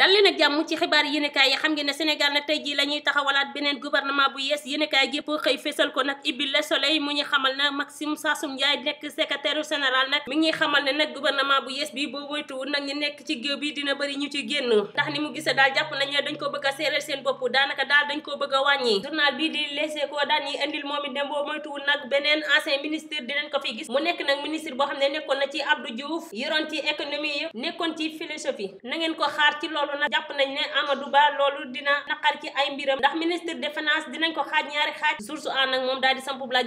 dal leen ak jàmm ci xibaar yéenekaay yi xam ngeen ne Sénégal nag tey jii la ñuy taxawalaat beneen gouvernement bu yees yéenekaay gépp xëy fésal ko nag ibbi Le Soleil mu ñuy xamal na Maxime Sassou nekk xamal ne nag gouvernement bu yees bi boo moytuwul nag ñu nekk ci géew bi dina bëri ñu ci génn ndax ni mu gisee daal jàpp nañ ne dañ ko bëgg a séeréer seen bopp daanaka daal dañ ko bëgg a wàññi journal bi di Les Échos daan ñi indil moom it dem moytuwul nag beneen ancien ministre dinañ ko fi gis mu nekk nag ministre boo xam ne nekkoon na ci Abdou Diouf yoroon ci économie yëpp nekkoon ci philosophie ko xaar ci loolu nag jàpp nañ ne Ba loolu dina naqar ci ay mbiram ndax ministre des finances dinañ ko xaaj ñaari a nag moom daal di sampub laaj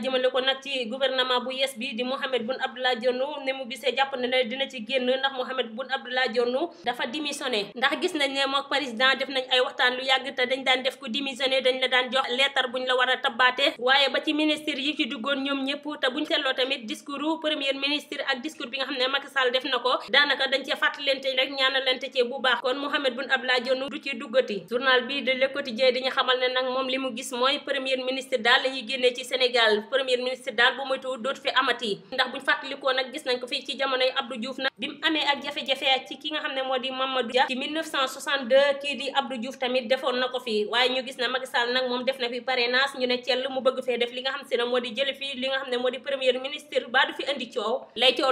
di Mohamed Boun Abdallah Dionne ne mu gisee jàpp na ne dina ci génn ndax Mohamed Boun Abdallah Dionne dafa démissionné ndax gis nañ ne moom président def nañ ay waxtaan lu yàgg te dañ daan def ko démissionné dañ la daan jox leetar buñ la war a tabbaate waaye ba ci ministre yi ci duggoon ñoom ñëpp te buñ seetloo tamit discours premier ministre ak discours bi nga xam ne Macky Sall def na ko daanaka dañ cee fàttalente rek ñaanalante ci bu baax kon Mohamed bun Abdallah Dionne du ci duggati journal bii de Le Quotidien di xamal ne nag moom li mu gis mooy premier ministre daal la ñuy génnee ci Sénégal premier ministre daal bu moytuwul dootu fi amati ndax buñ fàttalikoo nag gis nañ ko fii ci jamonoy Abdou Diouf nag bi na ko fii waaye ñu gis na Macky nag moom def na fi parrainage ñu ne cell mu bëgg fee def li nga xam se ne moo di jële fii li nga xam ne moo di premier ministre baa du fi indi coow lay coow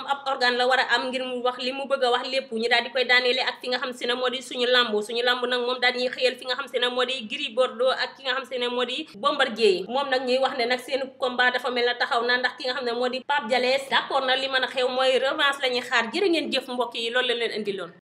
moom ab organe la war a am ngir mu wax li mu bëgg a wax lépp ñu daal di koy daaneele ak fi nga xam si ne moo di suñu làmb suñu làmb nag moom daal ñuy xëyal fi nga xam se ne moo di Gris Bordeaux ak ki nga xam se ne moo di Bombardier moom nag ñuy wax ne nag seen combat dafa mel na taxaw na ndax ki nga xam ne moo di Pape Dialès d'accord na li mën a xew mooy revanche la ñuy xaar jërë ngeen jëf mbokk yi loolu la leen indiloon